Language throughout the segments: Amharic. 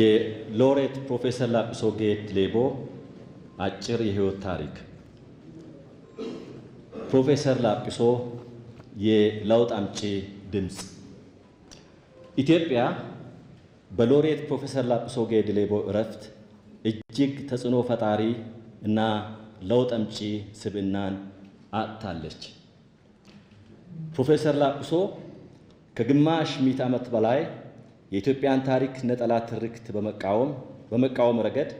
የሎሬት ፕሮፌሰር ላጲሶ ሌቦ አጭር የህይወት ታሪክ። ፕሮፌሰር ላጲሶ የለውጥ አምጪ ድምፅ። ኢትዮጵያ በሎሬት ፕሮፌሰር ላጲሶ ሌቦ እረፍት እጅግ ተጽዕኖ ፈጣሪ እና ለውጥ አምጪ ስብዕናን አጥታለች። ፕሮፌሰር ላጲሶ ከግማሽ ሚት ዓመት በላይ የኢትዮጵያን ታሪክ ነጠላ ትርክት በመቃወም በመቃወም ረገድ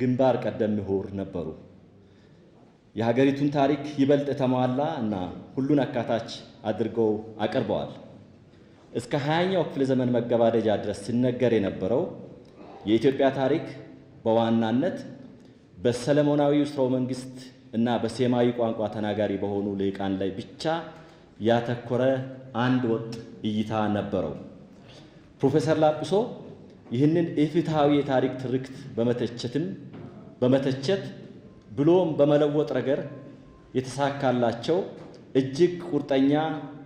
ግንባር ቀደም ምሁር ነበሩ። የሀገሪቱን ታሪክ ይበልጥ የተሟላ እና ሁሉን አካታች አድርገው አቅርበዋል። እስከ ሀያኛው ክፍለ ዘመን መገባደጃ ድረስ ሲነገር የነበረው የኢትዮጵያ ታሪክ በዋናነት በሰለሞናዊው ስርወ መንግስት እና በሴማዊ ቋንቋ ተናጋሪ በሆኑ ልሂቃን ላይ ብቻ ያተኮረ አንድ ወጥ እይታ ነበረው። ፕሮፌሰር ላጲሶ ይህንን ኢፍትሐዊ የታሪክ ትርክት በመተቸትም በመተቸት ብሎም በመለወጥ ረገር የተሳካላቸው እጅግ ቁርጠኛ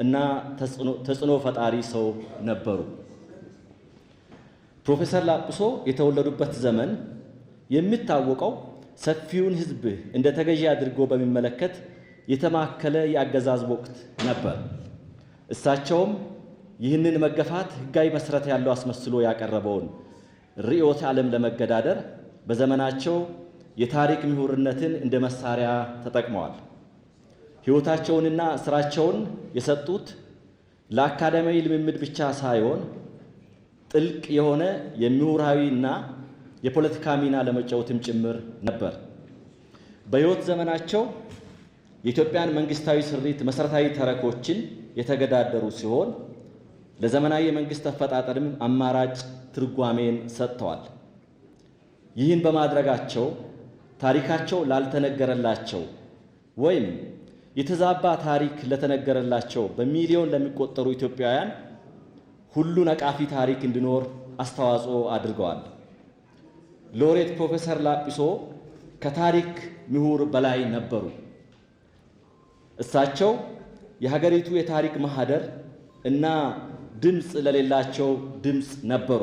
እና ተጽዕኖ ፈጣሪ ሰው ነበሩ። ፕሮፌሰር ላጲሶ የተወለዱበት ዘመን የሚታወቀው ሰፊውን ሕዝብ እንደ ተገዢ አድርጎ በሚመለከት የተማከለ የአገዛዝ ወቅት ነበር። እሳቸውም ይህንን መገፋት ህጋዊ መሰረት ያለው አስመስሎ ያቀረበውን ርዕዮተ ዓለም ለመገዳደር በዘመናቸው የታሪክ ምሁርነትን እንደ መሳሪያ ተጠቅመዋል። ህይወታቸውንና ስራቸውን የሰጡት ለአካዳሚያዊ ልምምድ ብቻ ሳይሆን ጥልቅ የሆነ የምሁራዊና የፖለቲካ ሚና ለመጫወትም ጭምር ነበር። በህይወት ዘመናቸው የኢትዮጵያን መንግስታዊ ስሪት መሰረታዊ ተረኮችን የተገዳደሩ ሲሆን ለዘመናዊ የመንግስት አፈጣጠርም አማራጭ ትርጓሜን ሰጥተዋል። ይህን በማድረጋቸው ታሪካቸው ላልተነገረላቸው ወይም የተዛባ ታሪክ ለተነገረላቸው በሚሊዮን ለሚቆጠሩ ኢትዮጵያውያን ሁሉ ነቃፊ ታሪክ እንዲኖር አስተዋጽኦ አድርገዋል። ሎሬት ፕሮፌሰር ላጲሶ ከታሪክ ምሁር በላይ ነበሩ። እሳቸው የሀገሪቱ የታሪክ ማህደር እና ድምፅ ለሌላቸው ድምፅ ነበሩ።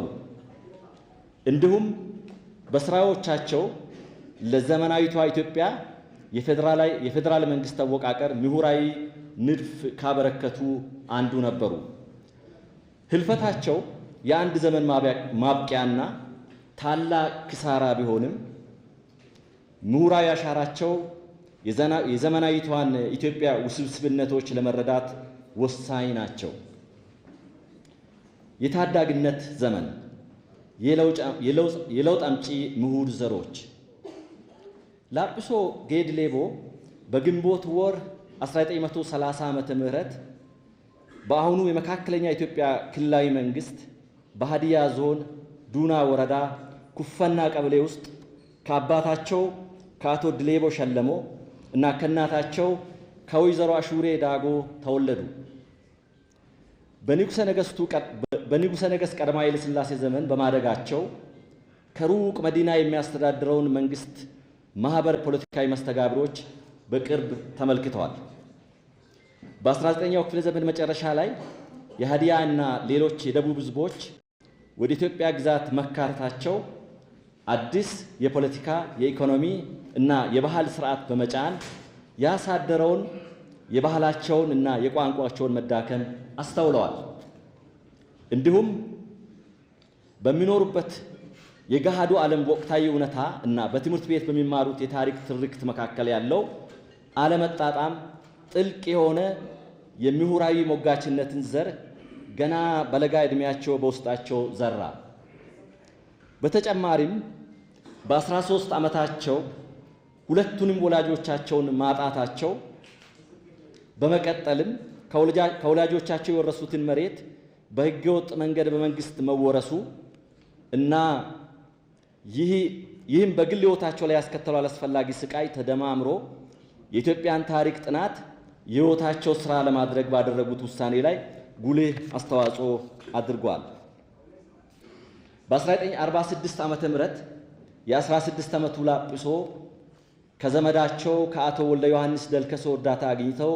እንዲሁም በስራዎቻቸው ለዘመናዊቷ ኢትዮጵያ የፌዴራል መንግስት አወቃቀር ምሁራዊ ንድፍ ካበረከቱ አንዱ ነበሩ። ህልፈታቸው የአንድ ዘመን ማብቂያና ታላቅ ክሳራ ቢሆንም ምሁራዊ አሻራቸው የዘመናዊቷን ኢትዮጵያ ውስብስብነቶች ለመረዳት ወሳኝ ናቸው። የታዳግነት ዘመን የለውጥ አምጪ ምሁር ዘሮች ላጲሶ ጌድሌቦ በግንቦት ወር 1930 ዓ ም በአሁኑ የመካከለኛ ኢትዮጵያ ክልላዊ መንግስት በሀዲያ ዞን ዱና ወረዳ ኩፈና ቀበሌ ውስጥ ከአባታቸው ከአቶ ድሌቦ ሸለሞ እና ከእናታቸው ከወይዘሮ አሹሬ ዳጎ ተወለዱ። በንጉሠ ነገሥት ቀዳማዊ ኃይለ ሥላሴ ዘመን በማደጋቸው ከሩቅ መዲና የሚያስተዳድረውን መንግስት ማህበር ፖለቲካዊ መስተጋብሮች በቅርብ ተመልክተዋል። በ19ኛው ክፍለ ዘመን መጨረሻ ላይ የሀዲያ እና ሌሎች የደቡብ ህዝቦች ወደ ኢትዮጵያ ግዛት መካተታቸው አዲስ የፖለቲካ የኢኮኖሚ እና የባህል ስርዓት በመጫን ያሳደረውን የባህላቸውን እና የቋንቋቸውን መዳከም አስተውለዋል። እንዲሁም በሚኖሩበት የገሃዱ ዓለም ወቅታዊ እውነታ እና በትምህርት ቤት በሚማሩት የታሪክ ትርክት መካከል ያለው አለመጣጣም ጥልቅ የሆነ የምሁራዊ ሞጋችነትን ዘር ገና በለጋ ዕድሜያቸው በውስጣቸው ዘራ። በተጨማሪም በ13 ዓመታቸው ሁለቱንም ወላጆቻቸውን ማጣታቸው በመቀጠልም ከወላጆቻቸው የወረሱትን መሬት በህገወጥ መንገድ በመንግስት መወረሱ እና ይህም በግል ህይወታቸው ላይ ያስከተለው አላስፈላጊ ስቃይ ተደማምሮ የኢትዮጵያን ታሪክ ጥናት የህይወታቸው ስራ ለማድረግ ባደረጉት ውሳኔ ላይ ጉልህ አስተዋጽኦ አድርጓል። በ1946 ዓ ም የ16 ዓመቱ ላጲሶ ከዘመዳቸው ከአቶ ወልደ ዮሐንስ ደልከሶ እርዳታ አግኝተው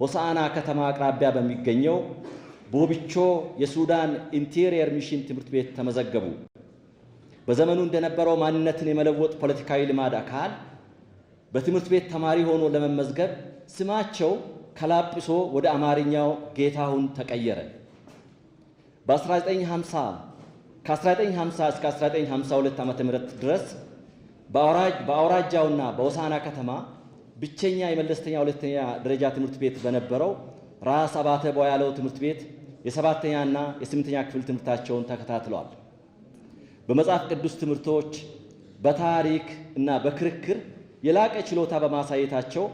ሆሳአና ከተማ አቅራቢያ በሚገኘው ቦብቾ የሱዳን ኢንቴሪየር ሚሽን ትምህርት ቤት ተመዘገቡ። በዘመኑ እንደነበረው ማንነትን የመለወጥ ፖለቲካዊ ልማድ አካል በትምህርት ቤት ተማሪ ሆኖ ለመመዝገብ ስማቸው ከላጲሶ ወደ አማርኛው ጌታሁን ተቀየረ። በ1950 ከ1950 እስከ 1952 ዓ.ም ድረስ በአውራጃውና በሆሳና ከተማ ብቸኛ የመለስተኛ ሁለተኛ ደረጃ ትምህርት ቤት በነበረው ራስ አባተ ቧያለው ትምህርት ቤት የሰባተኛና የስምንተኛ ክፍል ትምህርታቸውን ተከታትለዋል። በመጽሐፍ ቅዱስ ትምህርቶች፣ በታሪክ እና በክርክር የላቀ ችሎታ በማሳየታቸው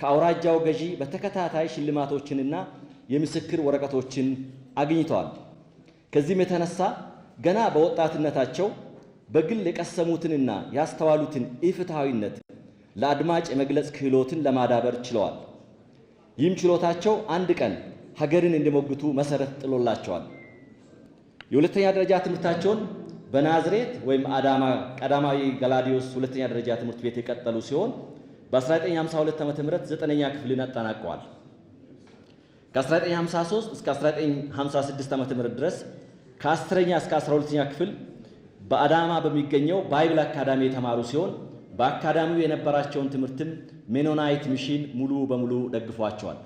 ከአውራጃው ገዢ በተከታታይ ሽልማቶችንና የምስክር ወረቀቶችን አግኝተዋል። ከዚህም የተነሳ ገና በወጣትነታቸው በግል የቀሰሙትንና ያስተዋሉትን ኢፍትሐዊነት ለአድማጭ የመግለጽ ክህሎትን ለማዳበር ችለዋል። ይህም ችሎታቸው አንድ ቀን ሀገርን እንዲሞግቱ መሰረት ጥሎላቸዋል። የሁለተኛ ደረጃ ትምህርታቸውን በናዝሬት ወይም አዳማ ቀዳማዊ ገላዲዮስ ሁለተኛ ደረጃ ትምህርት ቤት የቀጠሉ ሲሆን በ1952 ም ዘጠነኛ ክፍልን አጠናቀዋል። ከ1953 እስከ 1956 .ም ድረስ ከ ከአስረኛ እስከ 12ኛ ክፍል በአዳማ በሚገኘው ባይብል አካዳሚ የተማሩ ሲሆን በአካዳሚው የነበራቸውን ትምህርትም ሜኖናይት ሚሽን ሙሉ በሙሉ ደግፏቸዋል።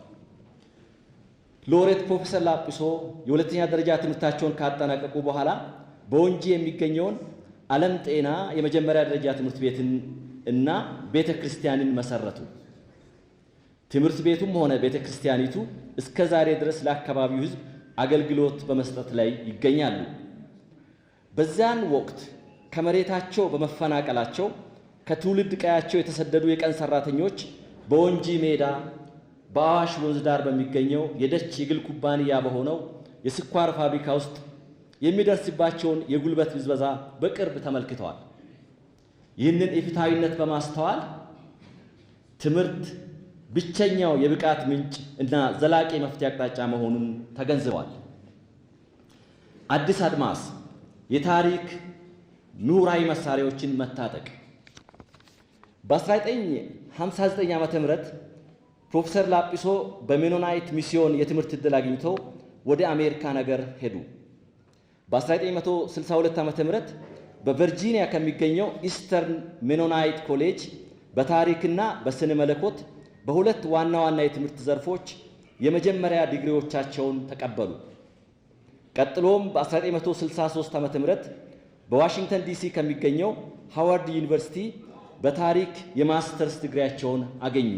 ሎሬት ፕሮፌሰር ላጲሶ የሁለተኛ ደረጃ ትምህርታቸውን ካጠናቀቁ በኋላ በወንጂ የሚገኘውን ዓለም ጤና የመጀመሪያ ደረጃ ትምህርት ቤትን እና ቤተ ክርስቲያንን መሰረቱ። ትምህርት ቤቱም ሆነ ቤተ ክርስቲያኒቱ እስከ ዛሬ ድረስ ለአካባቢው ሕዝብ አገልግሎት በመስጠት ላይ ይገኛሉ። በዚያን ወቅት ከመሬታቸው በመፈናቀላቸው ከትውልድ ቀያቸው የተሰደዱ የቀን ሰራተኞች በወንጂ ሜዳ በአዋሽ ወንዝ ዳር በሚገኘው የደች የግል ኩባንያ በሆነው የስኳር ፋብሪካ ውስጥ የሚደርስባቸውን የጉልበት ብዝበዛ በቅርብ ተመልክተዋል። ይህንን የፍትሐዊነት በማስተዋል ትምህርት ብቸኛው የብቃት ምንጭ እና ዘላቂ መፍትሄ አቅጣጫ መሆኑን ተገንዝበዋል። አዲስ አድማስ የታሪክ ምሁራዊ መሳሪያዎችን መታጠቅ በ1959 ዓ ም ፕሮፌሰር ላጲሶ በሜኖናይት ሚስዮን የትምህርት ዕድል አግኝተው ወደ አሜሪካ ነገር ሄዱ። በ1962 ዓ ም በቨርጂኒያ ከሚገኘው ኢስተርን ሜኖናይት ኮሌጅ በታሪክና በስነ መለኮት በሁለት ዋና ዋና የትምህርት ዘርፎች የመጀመሪያ ዲግሪዎቻቸውን ተቀበሉ። ቀጥሎም በ1963 ዓ ም በዋሽንግተን ዲሲ ከሚገኘው ሃዋርድ ዩኒቨርሲቲ በታሪክ የማስተርስ ዲግሪያቸውን አገኙ።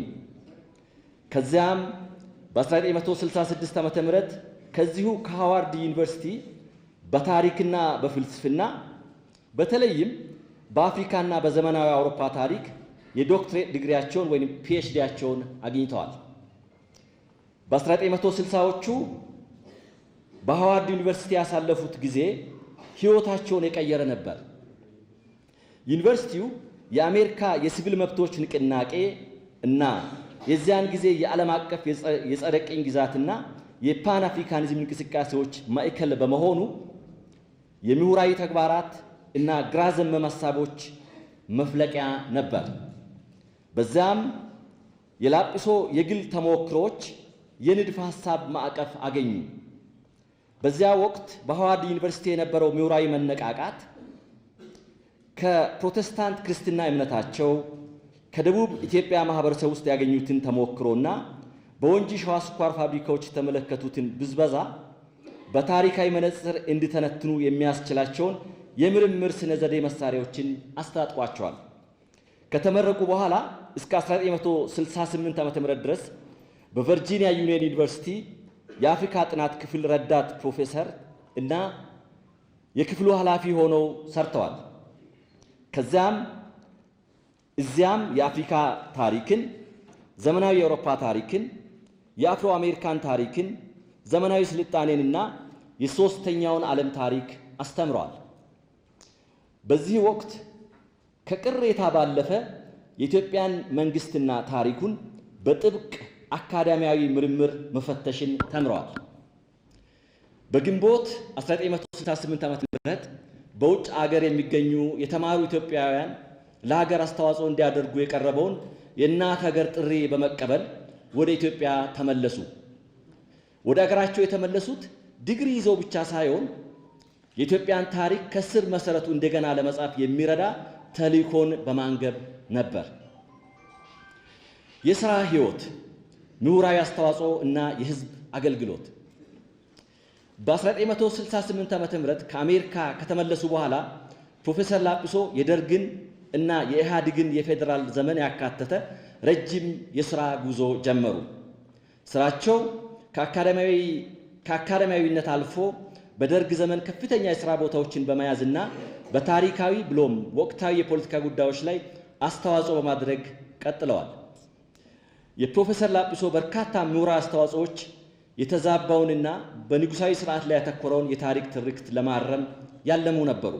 ከዚያም በ1966 ዓ ም ከዚሁ ከሃዋርድ ዩኒቨርሲቲ በታሪክና በፍልስፍና በተለይም በአፍሪካና በዘመናዊ አውሮፓ ታሪክ የዶክትሬት ዲግሪያቸውን ወይም ፒኤችዲያቸውን አግኝተዋል። በ1960ዎቹ በሃዋርድ ዩኒቨርሲቲ ያሳለፉት ጊዜ ሕይወታቸውን የቀየረ ነበር። ዩኒቨርሲቲው የአሜሪካ የሲቪል መብቶች ንቅናቄ እና የዚያን ጊዜ የዓለም አቀፍ የጸረ ቅኝ ግዛትና የፓን አፍሪካኒዝም እንቅስቃሴዎች ማዕከል በመሆኑ የምሁራዊ ተግባራት እና ግራ ዘመም ሀሳቦች መፍለቂያ ነበር። በዚያም የላጲሶ የግል ተሞክሮች የንድፈ ሐሳብ ማዕቀፍ አገኙ። በዚያ ወቅት በሐዋርድ ዩኒቨርሲቲ የነበረው ምሁራዊ መነቃቃት ከፕሮቴስታንት ክርስትና እምነታቸው ከደቡብ ኢትዮጵያ ማህበረሰብ ውስጥ ያገኙትን ተሞክሮና በወንጂ ሸዋ ስኳር ፋብሪካዎች የተመለከቱትን ብዝበዛ በታሪካዊ መነጽር እንዲተነትኑ የሚያስችላቸውን የምርምር ስነ ዘዴ መሳሪያዎችን አስተጣጥቋቸዋል። ከተመረቁ በኋላ እስከ 1968 ዓ.ም ድረስ በቨርጂኒያ ዩኒየን ዩኒቨርሲቲ የአፍሪካ ጥናት ክፍል ረዳት ፕሮፌሰር እና የክፍሉ ኃላፊ ሆነው ሰርተዋል። ከዚያም እዚያም የአፍሪካ ታሪክን፣ ዘመናዊ የአውሮፓ ታሪክን፣ የአፍሮ አሜሪካን ታሪክን፣ ዘመናዊ ስልጣኔንና የሶስተኛውን ዓለም ታሪክ አስተምረዋል። በዚህ ወቅት ከቅሬታ ባለፈ የኢትዮጵያን መንግስትና ታሪኩን በጥብቅ አካዳሚያዊ ምርምር መፈተሽን ተምረዋል። በግንቦት 1968 ም በውጭ አገር የሚገኙ የተማሩ ኢትዮጵያውያን ለሀገር አስተዋጽኦ እንዲያደርጉ የቀረበውን የእናት ሀገር ጥሪ በመቀበል ወደ ኢትዮጵያ ተመለሱ። ወደ ሀገራቸው የተመለሱት ዲግሪ ይዘው ብቻ ሳይሆን የኢትዮጵያን ታሪክ ከስር መሰረቱ እንደገና ለመጻፍ የሚረዳ ተልእኮን በማንገብ ነበር። የሥራ ህይወት፣ ምሁራዊ አስተዋጽኦ እና የህዝብ አገልግሎት በ1968 ዓ ም ከአሜሪካ ከተመለሱ በኋላ ፕሮፌሰር ላጲሶ የደርግን እና የኢህአዴግን የፌዴራል ዘመን ያካተተ ረጅም የሥራ ጉዞ ጀመሩ። ስራቸው ከአካዳሚያዊነት አልፎ በደርግ ዘመን ከፍተኛ የሥራ ቦታዎችን በመያዝና በታሪካዊ ብሎም ወቅታዊ የፖለቲካ ጉዳዮች ላይ አስተዋጽኦ በማድረግ ቀጥለዋል። የፕሮፌሰር ላጲሶ በርካታ ምሁራዊ አስተዋጽኦዎች የተዛባውንና በንጉሳዊ ስርዓት ላይ ያተኮረውን የታሪክ ትርክት ለማረም ያለሙ ነበሩ።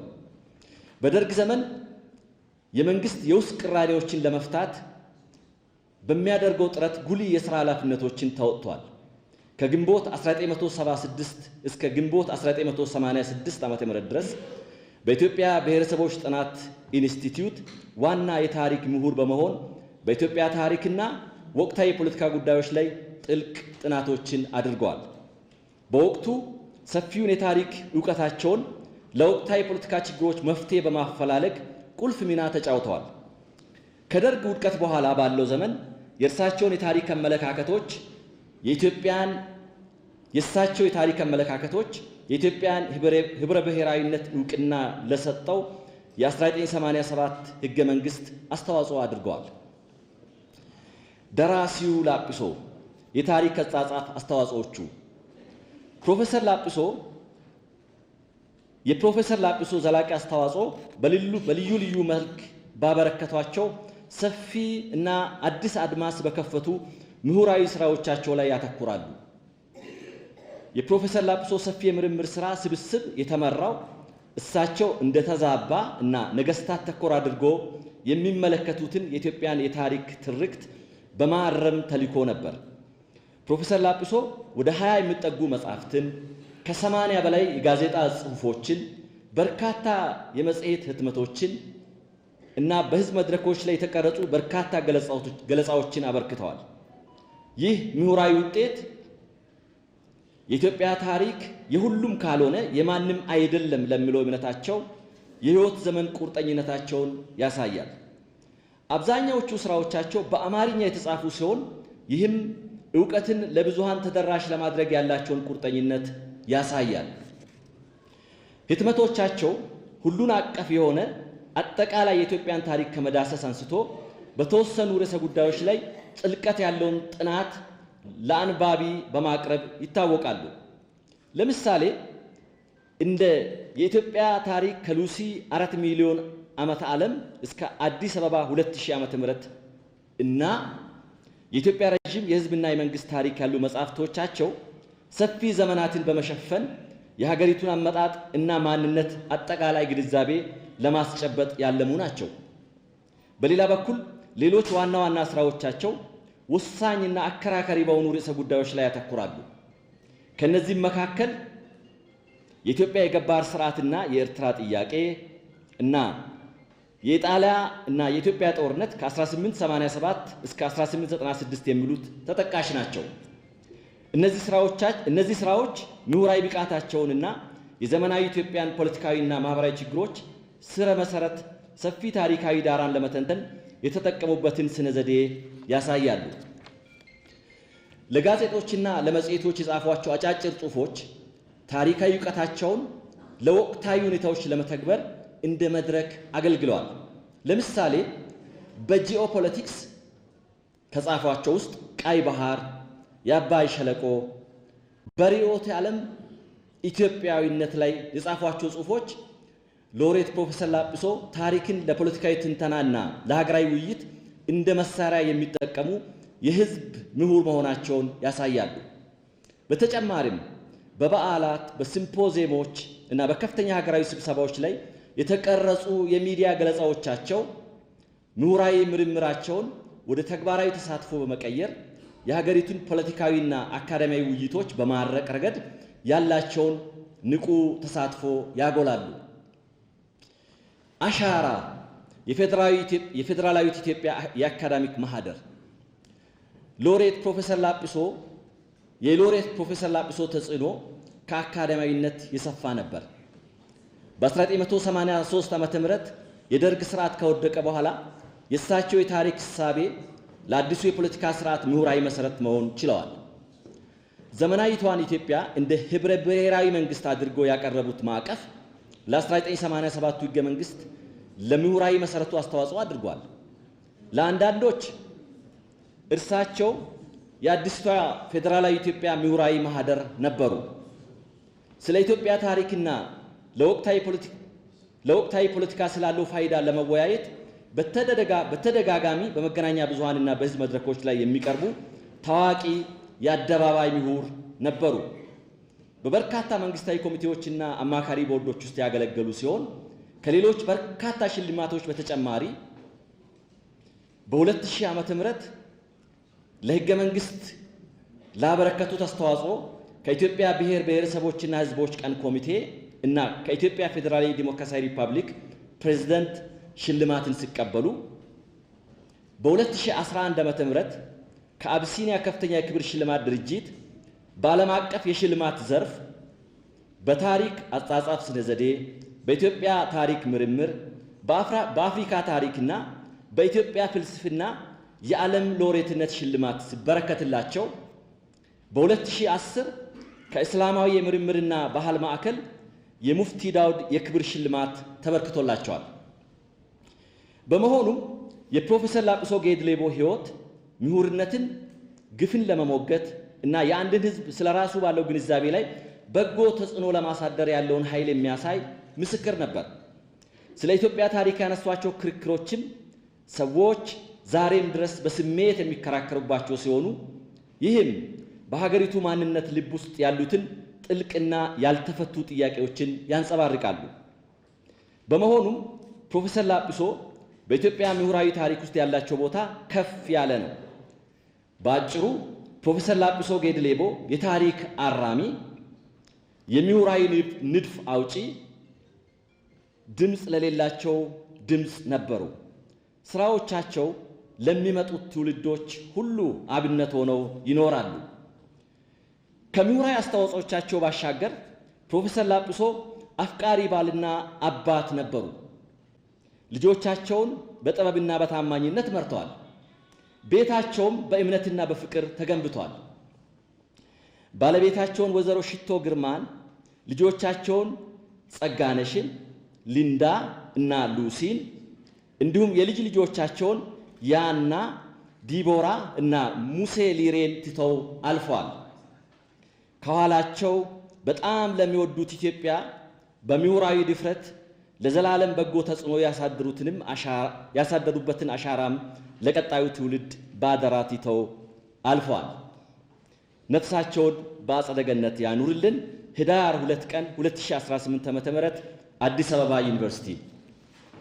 በደርግ ዘመን የመንግስት የውስጥ ቅራኔዎችን ለመፍታት በሚያደርገው ጥረት ጉልህ የሥራ ኃላፊነቶችን ተወጥቷል። ከግንቦት 1976 እስከ ግንቦት 1986 ዓ.ም. ድረስ በኢትዮጵያ ብሔረሰቦች ጥናት ኢንስቲትዩት ዋና የታሪክ ምሁር በመሆን በኢትዮጵያ ታሪክና ወቅታዊ የፖለቲካ ጉዳዮች ላይ ጥልቅ ጥናቶችን አድርገዋል። በወቅቱ ሰፊውን የታሪክ እውቀታቸውን ለወቅታዊ የፖለቲካ ችግሮች መፍትሄ በማፈላለግ ቁልፍ ሚና ተጫውተዋል። ከደርግ ውድቀት በኋላ ባለው ዘመን የእርሳቸውን የታሪክ አመለካከቶች የኢትዮጵያን የእሳቸው የታሪክ አመለካከቶች የኢትዮጵያን ህብረ ብሔራዊነት እውቅና ለሰጠው የ1987 ህገ መንግስት አስተዋጽኦ አድርገዋል። ደራሲው ላጲሶ የታሪክ አጻጻፍ አስተዋጽኦቹ ፕሮፌሰር ላጲሶ የፕሮፌሰር ላጲሶ ዘላቂ አስተዋጽኦ በልዩ ልዩ መልክ ባበረከቷቸው ሰፊ እና አዲስ አድማስ በከፈቱ ምሁራዊ ስራዎቻቸው ላይ ያተኩራሉ። የፕሮፌሰር ላጲሶ ሰፊ የምርምር ስራ ስብስብ የተመራው እሳቸው እንደተዛባ እና ነገስታት ተኮር አድርጎ የሚመለከቱትን የኢትዮጵያን የታሪክ ትርክት በማረም ተልዕኮ ነበር። ፕሮፌሰር ላጲሶ ወደ 20 የሚጠጉ መጽሐፍትን ከ80 በላይ የጋዜጣ ጽሑፎችን በርካታ የመጽሔት ህትመቶችን እና በህዝብ መድረኮች ላይ የተቀረጹ በርካታ ገለጻዎችን አበርክተዋል። ይህ ምሁራዊ ውጤት የኢትዮጵያ ታሪክ የሁሉም ካልሆነ የማንም አይደለም ለሚለው እምነታቸው የህይወት ዘመን ቁርጠኝነታቸውን ያሳያል። አብዛኛዎቹ ስራዎቻቸው በአማርኛ የተጻፉ ሲሆን ይህም እውቀትን ለብዙሃን ተደራሽ ለማድረግ ያላቸውን ቁርጠኝነት ያሳያል። ህትመቶቻቸው ሁሉን አቀፍ የሆነ አጠቃላይ የኢትዮጵያን ታሪክ ከመዳሰስ አንስቶ በተወሰኑ ርዕሰ ጉዳዮች ላይ ጥልቀት ያለውን ጥናት ለአንባቢ በማቅረብ ይታወቃሉ። ለምሳሌ እንደ የኢትዮጵያ ታሪክ ከሉሲ አራት ሚሊዮን ዓመተ ዓለም እስከ አዲስ አበባ 2000 ዓመተ ምህረት እና የኢትዮጵያ ረዥም የህዝብና የመንግስት ታሪክ ያሉ መጽሐፍቶቻቸው ሰፊ ዘመናትን በመሸፈን የሀገሪቱን አመጣጥ እና ማንነት አጠቃላይ ግንዛቤ ለማስጨበጥ ያለሙ ናቸው። በሌላ በኩል ሌሎች ዋና ዋና ስራዎቻቸው ወሳኝና አከራካሪ በሆኑ ርዕሰ ጉዳዮች ላይ ያተኩራሉ። ከነዚህም መካከል የኢትዮጵያ የገባር ስርዓትና የኤርትራ ጥያቄ እና የኢጣሊያ እና የኢትዮጵያ ጦርነት ከ1887 እስከ 1896 የሚሉት ተጠቃሽ ናቸው። እነዚህ ስራዎች ምሁራዊ ብቃታቸውንና የዘመናዊ ኢትዮጵያን ፖለቲካዊና ማህበራዊ ችግሮች ስረ መሰረት ሰፊ ታሪካዊ ዳራን ለመተንተን የተጠቀሙበትን ስነ ዘዴ ያሳያሉ። ለጋዜጦችና ለመጽሔቶች የጻፏቸው አጫጭር ጽሑፎች ታሪካዊ እውቀታቸውን ለወቅታዊ ሁኔታዎች ለመተግበር እንደ መድረክ አገልግለዋል። ለምሳሌ በጂኦፖለቲክስ ከጻፏቸው ውስጥ ቀይ ባህር፣ የአባይ ሸለቆ፣ በርዕዮተ ዓለም ኢትዮጵያዊነት ላይ የጻፏቸው ጽሁፎች ሎሬት ፕሮፌሰር ላጲሶ ታሪክን ለፖለቲካዊ ትንተናና ለሀገራዊ ውይይት እንደ መሳሪያ የሚጠቀሙ የህዝብ ምሁር መሆናቸውን ያሳያሉ። በተጨማሪም በበዓላት፣ በሲምፖዚየሞች እና በከፍተኛ ሀገራዊ ስብሰባዎች ላይ የተቀረጹ የሚዲያ ገለጻዎቻቸው ምሁራዊ ምርምራቸውን ወደ ተግባራዊ ተሳትፎ በመቀየር የሀገሪቱን ፖለቲካዊና አካዳሚያዊ ውይይቶች በማድረቅ ረገድ ያላቸውን ንቁ ተሳትፎ ያጎላሉ። አሻራ የፌዴራላዊት ኢትዮጵያ የአካዳሚክ ማህደር ሎሬት ፕሮፌሰር ላጲሶ የሎሬት ፕሮፌሰር ላጲሶ ተጽዕኖ ከአካዳሚያዊነት የሰፋ ነበር። በ1983 ዓ ም የደርግ ስርዓት ከወደቀ በኋላ የእሳቸው የታሪክ ሳቤ ለአዲሱ የፖለቲካ ስርዓት ምሁራዊ መሰረት መሆን ችለዋል። ዘመናዊቷን ኢትዮጵያ እንደ ህብረ ብሔራዊ መንግስት አድርጎ ያቀረቡት ማዕቀፍ ለ 1987 ህገ መንግስት ለምሁራዊ መሰረቱ አስተዋጽኦ አድርጓል። ለአንዳንዶች እርሳቸው የአዲስቷ ፌዴራላዊ ኢትዮጵያ ምሁራዊ ማህደር ነበሩ። ስለ ኢትዮጵያ ታሪክና ለወቅታዊ ፖለቲካ ስላለው ፋይዳ ለመወያየት በተደጋጋሚ በመገናኛ ብዙሃንና በህዝብ መድረኮች ላይ የሚቀርቡ ታዋቂ የአደባባይ ምሁር ነበሩ። በበርካታ መንግስታዊ ኮሚቴዎችና አማካሪ ቦርዶች ውስጥ ያገለገሉ ሲሆን ከሌሎች በርካታ ሽልማቶች በተጨማሪ በ2000 ዓመተ ምህረት ለህገ መንግስት ላበረከቱት አስተዋጽኦ ከኢትዮጵያ ብሔር ብሔረሰቦችና ህዝቦች ቀን ኮሚቴ እና ከኢትዮጵያ ፌዴራል ዲሞክራሲያዊ ሪፐብሊክ ፕሬዝዳንት ሽልማትን ሲቀበሉ በ2011 ዓ.ም ከአብሲኒያ ከፍተኛ የክብር ሽልማት ድርጅት በዓለም አቀፍ የሽልማት ዘርፍ በታሪክ አጻጻፍ ስነ ዘዴ፣ በኢትዮጵያ ታሪክ ምርምር፣ በአፍሪካ ታሪክና በኢትዮጵያ ፍልስፍና የዓለም ሎሬትነት ሽልማት ሲበረከትላቸው በ2010 ከእስላማዊ የምርምርና ባህል ማዕከል የሙፍቲ ዳውድ የክብር ሽልማት ተበርክቶላቸዋል። በመሆኑም የፕሮፌሰር ላጲሶ ጌዴሌቦ ሕይወት ምሁርነትን፣ ግፍን ለመሞገት እና የአንድን ሕዝብ ስለ ራሱ ባለው ግንዛቤ ላይ በጎ ተጽዕኖ ለማሳደር ያለውን ኃይል የሚያሳይ ምስክር ነበር። ስለ ኢትዮጵያ ታሪክ ያነሷቸው ክርክሮችም ሰዎች ዛሬም ድረስ በስሜት የሚከራከሩባቸው ሲሆኑ ይህም በሀገሪቱ ማንነት ልብ ውስጥ ያሉትን ጥልቅና ያልተፈቱ ጥያቄዎችን ያንጸባርቃሉ። በመሆኑም ፕሮፌሰር ላጲሶ በኢትዮጵያ ምሁራዊ ታሪክ ውስጥ ያላቸው ቦታ ከፍ ያለ ነው። በአጭሩ ፕሮፌሰር ላጲሶ ጌድሌቦ የታሪክ አራሚ፣ የምሁራዊ ንድፍ አውጪ፣ ድምፅ ለሌላቸው ድምፅ ነበሩ። ስራዎቻቸው ለሚመጡት ትውልዶች ሁሉ አብነት ሆነው ይኖራሉ። ከምሁራዊ አስተዋጽኦቻቸው ባሻገር ፕሮፌሰር ላጲሶ አፍቃሪ ባልና አባት ነበሩ። ልጆቻቸውን በጥበብና በታማኝነት መርተዋል። ቤታቸውም በእምነትና በፍቅር ተገንብቷል። ባለቤታቸውን ወይዘሮ ሽቶ ግርማን፣ ልጆቻቸውን ጸጋነሽን፣ ሊንዳ እና ሉሲን እንዲሁም የልጅ ልጆቻቸውን ያና ዲቦራ እና ሙሴ ሊሬን ትተው አልፈዋል። ከኋላቸው በጣም ለሚወዱት ኢትዮጵያ በምሁራዊ ድፍረት ለዘላለም በጎ ተጽዕኖ ያሳደሩትንም ያሳደሩበትን አሻራም ለቀጣዩ ትውልድ በአደራ ትተው አልፈዋል። ነፍሳቸውን በአጸደ ገነት ያኑርልን። ህዳር 2 ቀን 2018 ዓ.ም አዲስ አበባ ዩኒቨርሲቲ